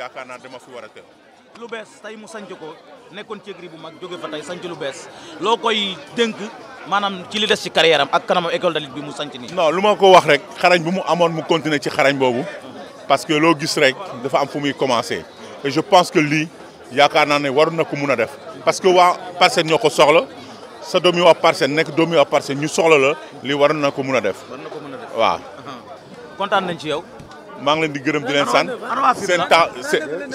yaakaar naa dama fi war a tënk. lu bees tey mu sanc ko nekkoon ci écurie bu mag jóge fa tey sanc lu bees loo koy dénk ci li des ci carrière am ak kanamam école de bi mu sanc nii. non lu ma ko wax rek xarañ bu mu amoon mu continuer ci xarañ boobu parce que loo gis rek dafa am fu muy commencé et je pense que li, yaakaar naa ne waru na ko mun a def parce que waa Parcelles ñoo ko soxla sa doomi waa Parcelles nekk doomi waa Parcelles ñu soxla la lii waroon ko mun a def. war ko mun a def waaw. kontaan nañ ci yow maa ngi leen di gërëm di leen sant seen ta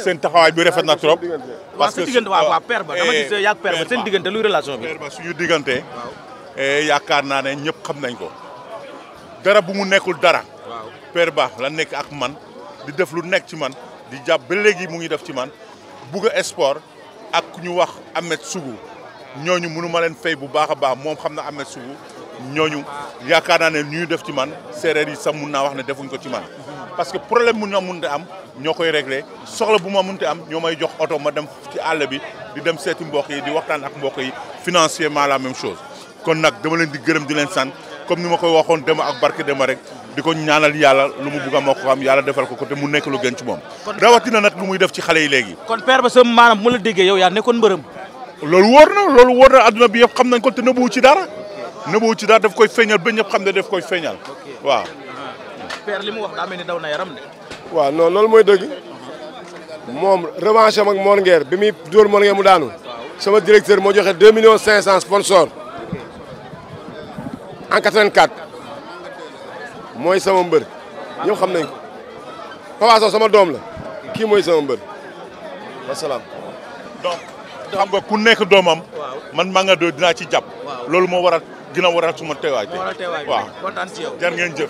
seen taxawaay bi rafet na trop. parce que waaw waaw père ba dama euh, gis yàgg père ba seen diggante luy relation bi. père ba suñu diggante. Eh, yaakaar naa ne ñëpp xam nañ ko. dara bu mu nekkul dara. waaw père ba la nekk ak man di def lu nekk ci man di jàpp ba léegi mu ngi def ci man bugg a sport ak ku ñu wax Ahmed Sougou ñooñu mënu ma leen fay bu baax baax moom xam na Ahmed Sougou ñooñu ne ñu def ci man séeréer yi sax mun naa wax ne defuñ ko ci man. parce que problème mun ma munte am ñoo koy réglé soxla bu ma munte am ñoo may jox oto ma dem ci àll bi di dem seeti mbokk yi di waxtaan ak mbokk yi financièrement la même chose kon nag dama leen di gërëm di leen sant comme ni ma koy waxoon dema ak barke dema rek di ko ñaanal yalla lu mu bugg a moo ko xam defal ko ko te mu nekk lu gën ci moom rawatina nag lu muy def ci xalé yi légui kon père ba sa manam mu la déggee yow ya nekkon mbërëm lolu wóor na loolu wóor na adduna bi yëpp xam nañ ko te nëbbuwu ci dara nëbbuwu ci dara daf koy feeñal ba ñëpp xam ne daf koy feeñal waaw père li mu de. revanche am ak Mor bi muy dóor Mor Nguer mu daanu. sama directeur moo joxe 2 millions 500 sponsor en 84 sama mbër ñëpp xam nañ ko sama dom la kii mooy sama mbër wasalaam. donc xam nga ku nekk doomam. man maa nga doon dinaa ci jàpp. loolu moo waral gën a suma teewaay. ci yow. jar ngeen jëf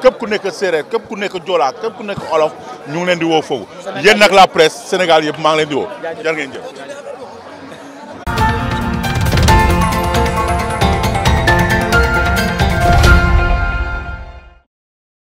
képp ku nekk séeréer képp ku nekk joolaa képp ku nekk olof ñu ngi leen di woo foofu yéen nag la presse Sénégal yëpp maa ngi leen di woo jar ngeen